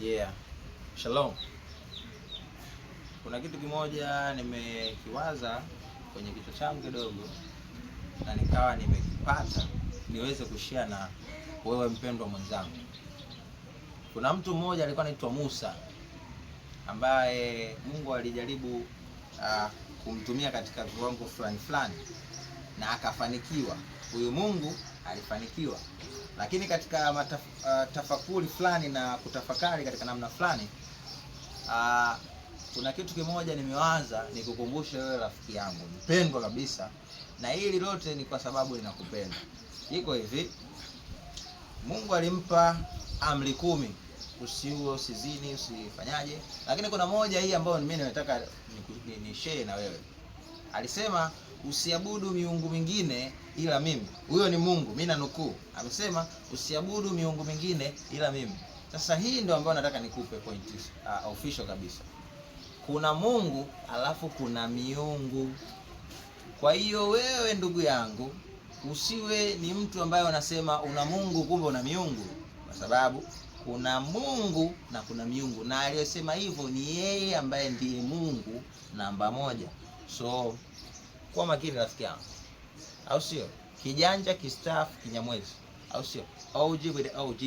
Yeah. Shalom. Kuna kitu kimoja nimekiwaza kwenye kichwa changu kidogo na nikawa nimekipata niweze kushia na wewe mpendwa mwenzangu. Kuna mtu mmoja alikuwa anaitwa Musa ambaye Mungu alijaribu uh, kumtumia katika viwango fulani fulani na akafanikiwa. Huyu Mungu alifanikiwa lakini katika mataf, uh, tafakuri fulani na kutafakari katika namna fulani uh, kuna kitu kimoja nimewaza nikukumbushe wewe rafiki yangu mpendwa kabisa, na hili lote ni kwa sababu ninakupenda. Iko hivi, Mungu alimpa amri kumi, usiue, usizini, usifanyaje, lakini kuna moja hii ambayo mimi nimetaka ni, ni, ni share na wewe. Alisema usiabudu miungu mingine ila mimi. Huyo ni Mungu, mimi nanukuu, amesema usiabudu miungu mingine ila mimi. Sasa hii ndio ambayo nataka nikupe point uh, official kabisa. Kuna Mungu alafu kuna miungu. Kwa hiyo wewe ndugu yangu usiwe ni mtu ambaye unasema una Mungu kumbe una miungu, kwa sababu kuna Mungu na kuna miungu, na aliyosema hivyo ni yeye ambaye ndiye Mungu namba moja. So kuwa makini rafiki yangu, au sio? Kijanja kistaafu kinyamwezi, au sio? OG with OG.